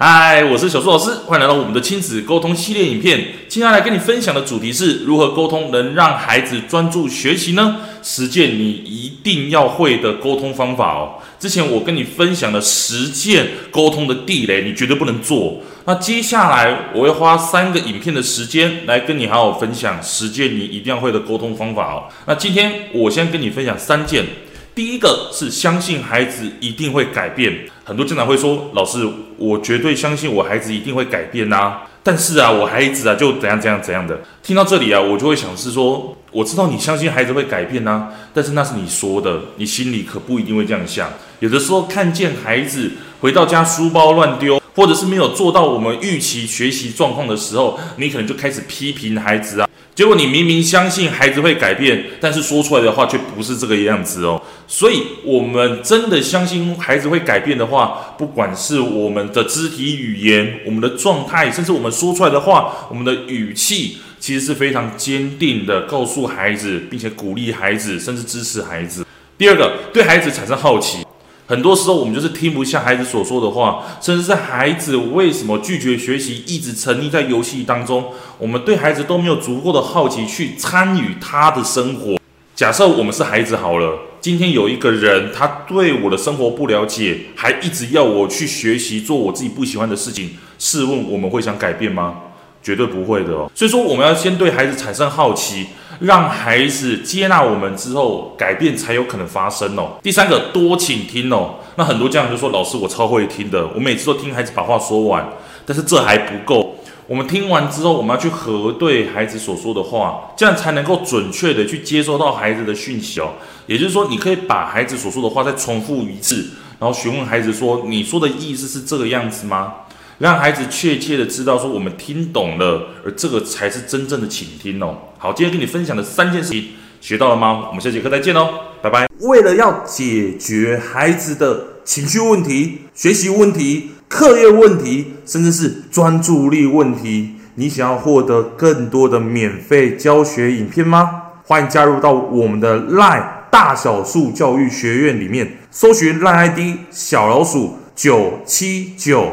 嗨，Hi，我是小樹老師，歡迎來到我們的親子溝通系列影片。接下來跟你分享的主題是如何溝通能讓孩子專注學習呢？十件你一定要會的溝通方法哦。之前我跟你分享的十件溝通的地雷，你絕對不能做。那接下來我會花三個影片的時間來跟你好好分享十件你一定要會的溝通方法哦。那今天我先跟你分享三件。第一個是相信孩子一定會改變，很多家長會說：“老師，我絕對相信我孩子一定會改變吶。”但是啊，我孩子啊就怎樣怎樣怎樣的。聽到這裡啊，我就會想是說，我知道你相信孩子會改變吶，但是那是你說的，你心裡可不一定會這樣想。有的時候看見孩子回到家書包亂丟。或者是沒有做到我們預期學習狀況的時候，你可能就開始批評孩子啊。結果你明明相信孩子會改變，但是說出來的話卻不是這個樣子哦。所以，我們真的相信孩子會改變的話，不管是我們的肢體語言、我們的狀態，甚至我們說出來的話、我們的語氣，其實是非常堅定地告訴孩子，並且鼓勵孩子，甚至支持孩子。第二個，對孩子產生好奇。很多時候，我們就是聽不下孩子所說的話，甚至是孩子為什麼拒絕學習，一直沉溺在遊戲當中。我們對孩子都沒有足夠的好奇，去參與他的生活。假設我們是孩子好了，今天有一個人，他對我的生活不了解，還一直要我去學習做我自己不喜歡的事情。試問我們會想改變嗎？絕對不會的哦。所以說，我們要先對孩子產生好奇。讓孩子接納我們之後，改變才有可能發生哦。第三個多傾聽哦，那很多家長就說：“老師，我超會聽的，我每次都聽孩子把話說完。”但是這還不夠，我們聽完之後，我們要去核對孩子所說的話，這樣才能夠準確地去接收到孩子的訊息哦。也就是說，你可以把孩子所說的話再重複一次，然後詢問孩子說：“你說的意思是這個樣子嗎？”讓孩子確切的知道說我們聽懂了，而這個才是真正的傾聽哦。好，今天跟你分享的三件事情，學到了嗎？我們下節課再見哦，拜拜。為了要解決孩子的情緒問題、學習問題、課業問題，甚至是專注力問題，你想要獲得更多的免費教學影片嗎？歡迎加入到我們的 LINE 大小樹教育學院裡面，搜尋 LINE ID 小老鼠九七九，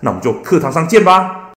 那我們就課堂上見吧。